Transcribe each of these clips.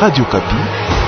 Rádio Kapi.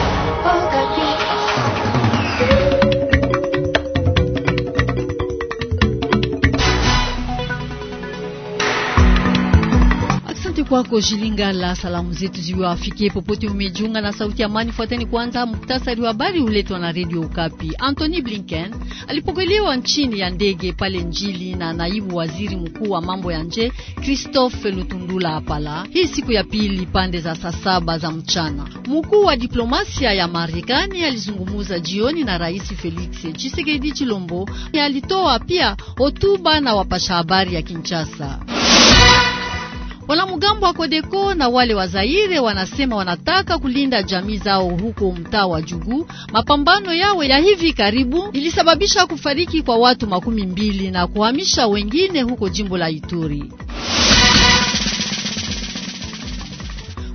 kwako Jilingala. Salamu zetu ziwafikie popote umejiunga na Sauti ya Amani. Fuateni kwanza muktasari wa habari uletwa na Radio ukapi Anthony Blinken alipokelewa nchini ya ndege pale Njili na naibu waziri mkuu wa mambo ya nje Christophe Lutundula Apala, hii siku ya pili pande za saa saba za mchana. Mkuu wa diplomasia ya Marekani alizungumuza jioni na Rais Felix Tshisekedi Chilombo, alitoa pia hotuba na wapasha habari ya Kinshasa. Wanamgambo wa Kodeko na wale wa Zaire wanasema wanataka kulinda jamii zao huko mtaa wa Jugu. Mapambano yao ya hivi karibu ilisababisha kufariki kwa watu makumi mbili na kuhamisha wengine huko jimbo la Ituri.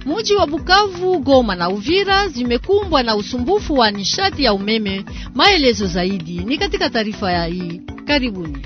Muji wa Bukavu, Goma na Uvira zimekumbwa na usumbufu wa nishati ya umeme. Maelezo zaidi ni katika taarifa ya hii. Karibuni.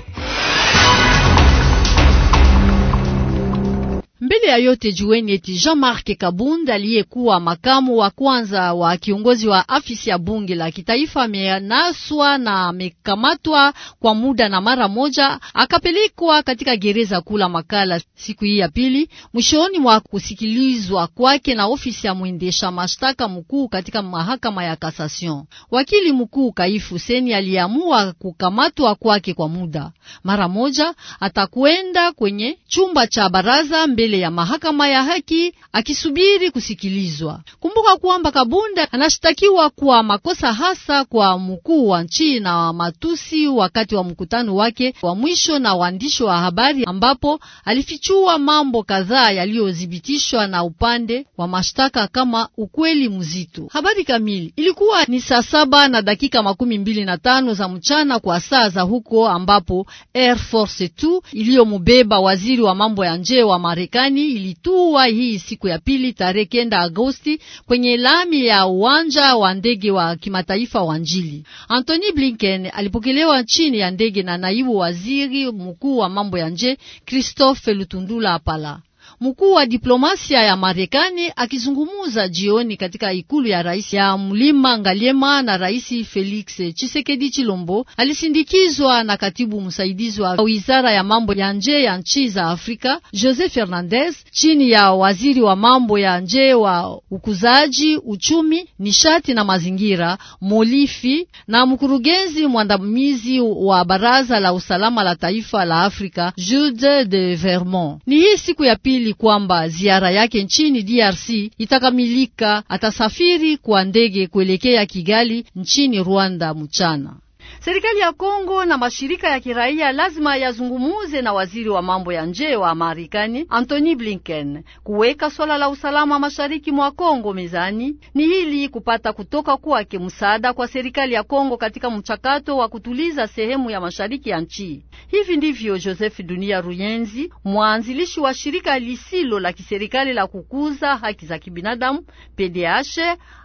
Mbele ya yote jueni eti Jean-Marc Kabunda aliyekuwa makamu wa kwanza wa kiongozi wa afisi ya bunge la kitaifa amenaswa na amekamatwa kwa muda na mara moja akapelekwa katika gereza kula makala siku hii ya pili, mwishoni mwa kusikilizwa kwake na ofisi ya mwendesha mashtaka mkuu katika mahakama ya Cassation. Wakili mkuu Kaifu Seni aliamua kukamatwa kwake kwa muda mara moja, atakwenda kwenye chumba cha baraza mbele ya mahakama ya haki akisubiri kusikilizwa. Kumbuka kwamba Kabunda anashtakiwa kwa makosa hasa kwa mkuu wa nchi na matusi wakati wa mkutano wake wa mwisho na waandishi wa habari, ambapo alifichua mambo kadhaa yaliyothibitishwa na upande wa mashtaka kama ukweli mzito. Habari kamili ilikuwa ni saa saba na dakika makumi mbili na tano za mchana kwa saa za huko, ambapo Air Force 2 iliyomubeba waziri wa mambo ya nje wa Marekani ilitua hii siku ya pili tarehe kenda Agosti kwenye lami ya uwanja wa ndege wa kimataifa wa Njili. antony Blinken alipokelewa chini ya ndege na naibu waziri mkuu wa mambo ya nje Christophe Lutundula Apala. Mkuu wa diplomasia ya Marekani akizungumza jioni katika ikulu ya rais ya Mlima Ngaliema na Rais Felix chisekedi Chilombo alisindikizwa na katibu msaidizi wa Wizara ya Mambo ya Nje ya nchi za Afrika Jose Fernandez chini ya waziri wa mambo ya nje wa ukuzaji uchumi, nishati na mazingira Molifi na mkurugenzi mwandamizi wa Baraza la Usalama la Taifa la Afrika Jude de Vermont. Ni hii siku ya pili Kiswahili kwamba ziara yake nchini DRC itakamilika, atasafiri kwa ndege kuelekea Kigali nchini Rwanda mchana. Serikali ya Kongo na mashirika ya kiraia lazima yazungumuze na waziri wa mambo ya nje wa Marekani Antony Blinken kuweka swala la usalama mashariki mwa Kongo mezani, ni hili kupata kutoka kwake msaada kwa serikali ya Kongo katika mchakato wa kutuliza sehemu ya mashariki ya nchi. Hivi ndivyo Joseph Dunia Ruyenzi, mwanzilishi wa shirika lisilo la kiserikali la kukuza haki za kibinadamu PDH,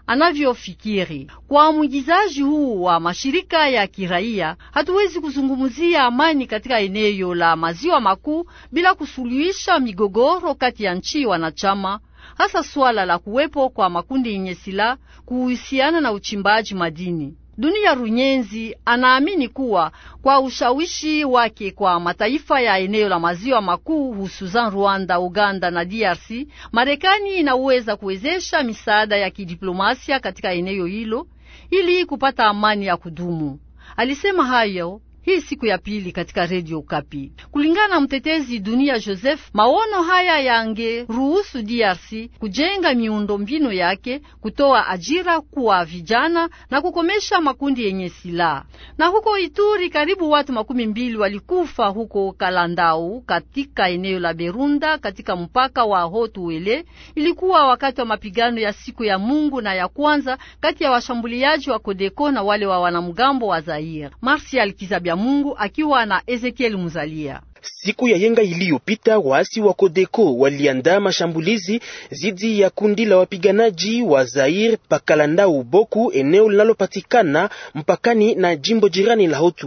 anavyofikiri kwa mwigizaji huu wa mashirika ya kiraia kiraia. Hatuwezi kuzungumzia amani katika eneo la maziwa makuu bila kusuluhisha migogoro kati ya nchi wanachama, hasa swala la kuwepo kwa makundi yenye silaha kuhusiana na uchimbaji madini. Dunia Runyenzi anaamini kuwa kwa ushawishi wake kwa mataifa ya eneo la maziwa makuu, hususan Rwanda, Uganda na DRC, Marekani inaweza kuwezesha misaada ya kidiplomasia katika eneo hilo ili kupata amani ya kudumu. Alisema hayo hii siku ya pili katika redio Okapi. Kulingana na mtetezi dunia Joseph, maono haya yangeruhusu DRC kujenga miundo mbinu yake, kutoa ajira kwa vijana na kukomesha makundi yenye silaha. Na huko Ituri, karibu watu makumi mbili walikufa huko Kalandau katika eneo la Berunda katika mpaka wa Hotuele. Ilikuwa wakati wa mapigano ya siku ya Mungu na ya kwanza kati ya washambuliaji wa Kodeko na wale wa wanamgambo wa Zaire. Marsial Kizabia vya Mungu akiwa na Ezekieli Muzalia. Siku ya yenga iliyopita waasi wa Kodeko waliandaa mashambulizi dhidi ya kundi la wapiganaji wa Zair Pakalanda Uboku, eneo linalopatikana mpakani na jimbo jirani la haut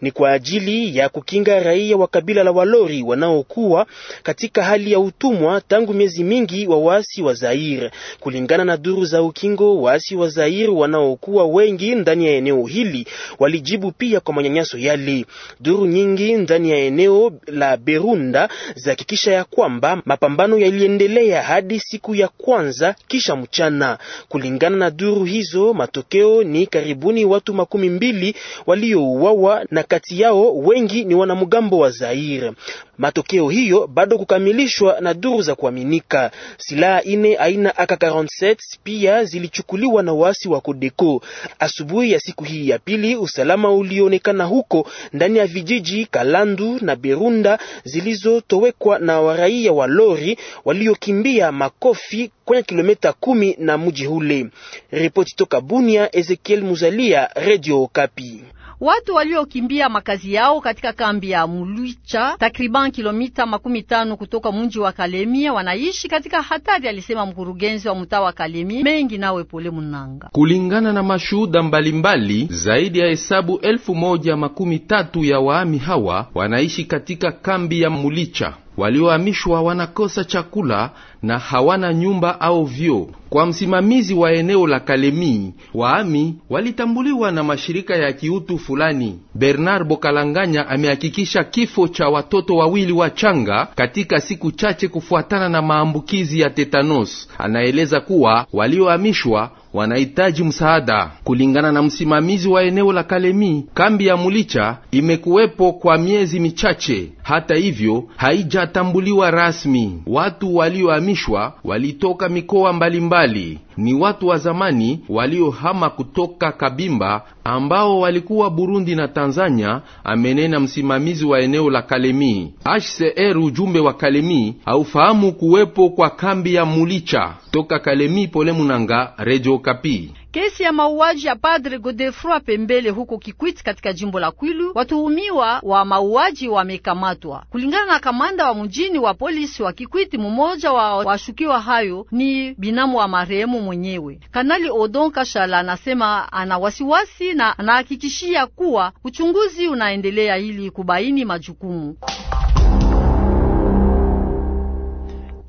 Ni kwa ajili ya kukinga raia wa kabila la Walori wanaokuwa katika hali ya utumwa tangu miezi mingi wa waasi wa Zair. Kulingana na duru za ukingo, waasi wa Zair wanaokuwa wengi ndani ya eneo hili walijibu pia kwa manyanyaso yale. Duru nyingi ndani ya eneo eneo la Berunda zahakikisha ya kwamba mapambano yaliendelea hadi siku ya kwanza kisha mchana. Kulingana na duru hizo, matokeo ni karibuni watu makumi mbili waliouawa na kati yao wengi ni wanamgambo wa Zaire. Matokeo hiyo bado kukamilishwa na duru za kuaminika. Silaha ine aina AK47 pia zilichukuliwa na waasi wa Kodeko. Asubuhi ya siku hii ya pili, usalama ulionekana huko ndani ya vijiji Kalandu na Birunda zilizotowekwa na waraia wa Lori waliokimbia makofi kwenye kilomita kumi na mji ule. Ripoti toka Bunia, Ezekiel Muzalia, Radio Okapi. Watu waliokimbia makazi yao katika kambi ya Mulwicha takriban kilomita makumi tano kutoka mji wa Kalemie wanaishi katika hatari, alisema mkurugenzi wa mtaa wa Kalemie mengi nawe pole Munanga. Kulingana na mashuhuda mbalimbali, zaidi ya hesabu elfu moja makumi tatu ya waami hawa wanaishi katika kambi ya Mulicha waliohamishwa wanakosa chakula na hawana nyumba au vyo Kwa msimamizi wa eneo la Kalemi, waami walitambuliwa na mashirika ya kiutu fulani. Bernard Bokalanganya amehakikisha kifo cha watoto wawili wa changa katika siku chache kufuatana na maambukizi ya tetanos. Anaeleza kuwa waliohamishwa wanahitaji msaada. Kulingana na msimamizi wa eneo la Kalemi, kambi ya Mulicha imekuwepo kwa miezi michache. Hata hivyo haijatambuliwa rasmi. Watu waliohamishwa walitoka mikoa mbalimbali, ni watu wa zamani waliohama kutoka Kabimba ambao walikuwa Burundi na Tanzania, amenena msimamizi wa eneo la Kalemi HCR. Ujumbe wa Kalemi haufahamu kuwepo kwa kambi ya Mulicha. Toka Kalemi, Pole Munanga, Radio Kapi. Kesi ya mauaji ya Padre Godefroi Pembele huko Kikwit katika jimbo la Kwilu, watuhumiwa wa mauaji wamekamatwa. Kulingana na kamanda wa mjini wa polisi wa Kikwit, mmoja wa washukiwa hayo ni binamu wa marehemu mwenyewe. Kanali Odon Kashala anasema ana wasiwasi na anahakikishia kuwa uchunguzi unaendelea ili kubaini majukumu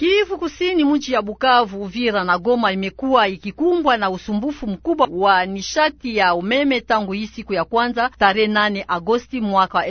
Kivu Kusini, mji ya Bukavu, Uvira na Goma imekuwa ikikumbwa na usumbufu mkubwa wa nishati ya umeme tangu hii siku ya kwanza tarehe 8 Agosti mwaka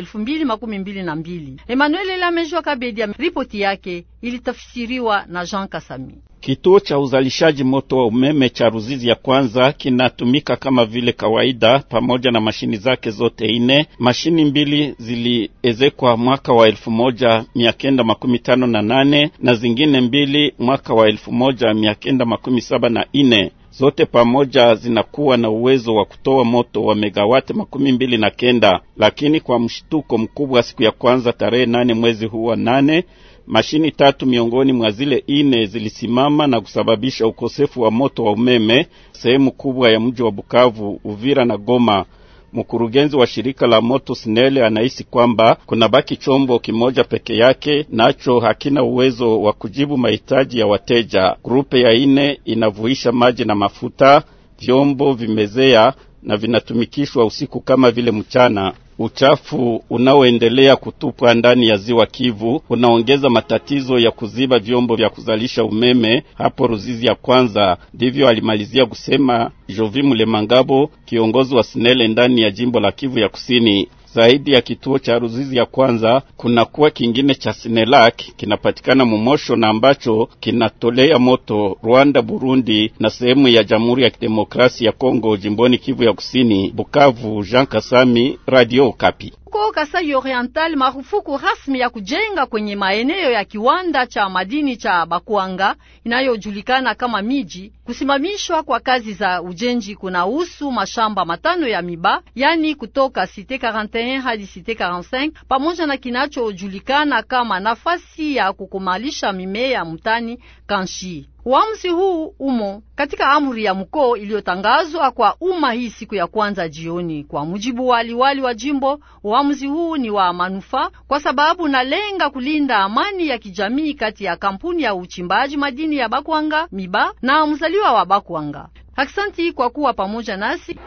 na mbili. Emmanuel Lamejwa Kabedi, ripoti yake ilitafsiriwa na Jean Kasami. Kituo cha uzalishaji moto wa umeme cha Ruzizi ya kwanza kinatumika kama vile kawaida pamoja na mashini zake zote ine. Mashini mbili ziliezekwa mwaka wa elfu moja mia kenda makumi tano na nane na zingine mbili mwaka wa elfu moja mia kenda makumi saba na ine zote pamoja zinakuwa na uwezo wa kutoa moto wa megawati makumi mbili na kenda, lakini kwa mshtuko mkubwa siku ya kwanza tarehe nane mwezi huu wa nane mashini tatu miongoni mwa zile ine zilisimama na kusababisha ukosefu wa moto wa umeme sehemu kubwa ya mji wa Bukavu, Uvira na Goma. Mkurugenzi wa shirika la moto Snele anahisi kwamba kunabaki chombo kimoja peke yake, nacho hakina uwezo wa kujibu mahitaji ya wateja. Grupe ya ine inavuisha maji na mafuta, vyombo vimezea na vinatumikishwa usiku kama vile mchana. Uchafu unaoendelea kutupwa ndani ya ziwa Kivu unaongeza matatizo ya kuziba vyombo vya kuzalisha umeme hapo Ruzizi ya kwanza. Ndivyo alimalizia kusema Jovi Mulemangabo, kiongozi wa Sinele ndani ya jimbo la Kivu ya Kusini zaidi ya kituo cha Ruzizi ya kwanza kunakuwa kingine cha Sinelak kinapatikana Mumosho na ambacho kinatolea moto Rwanda, Burundi na sehemu ya Jamhuri ya Kidemokrasia ya Kongo, jimboni Kivu ya Kusini. Bukavu, Jean Kasami, Radio Kapi. Huko Kasai Oriental, marufuku rasmi ya kujenga kwenye maeneo ya kiwanda cha madini cha Bakwanga inayojulikana kama miji. Kusimamishwa kwa kazi za ujenzi kunahusu mashamba matano ya miba, yani kutoka Cité 41 hadi Cité 45, pamoja na kinachojulikana kama nafasi ya kukomalisha mimea mtani Kanshi. Uamuzi huu umo katika amri ya mkoo iliyotangazwa kwa umma hii siku ya kwanza jioni. Kwa mujibu wa liwali wa jimbo, uamuzi huu ni wa manufaa kwa sababu nalenga kulinda amani ya kijamii kati ya kampuni ya uchimbaji madini ya Bakwanga Miba na mzaliwa wa Bakwanga. Aksanti kwa kuwa pamoja nasi.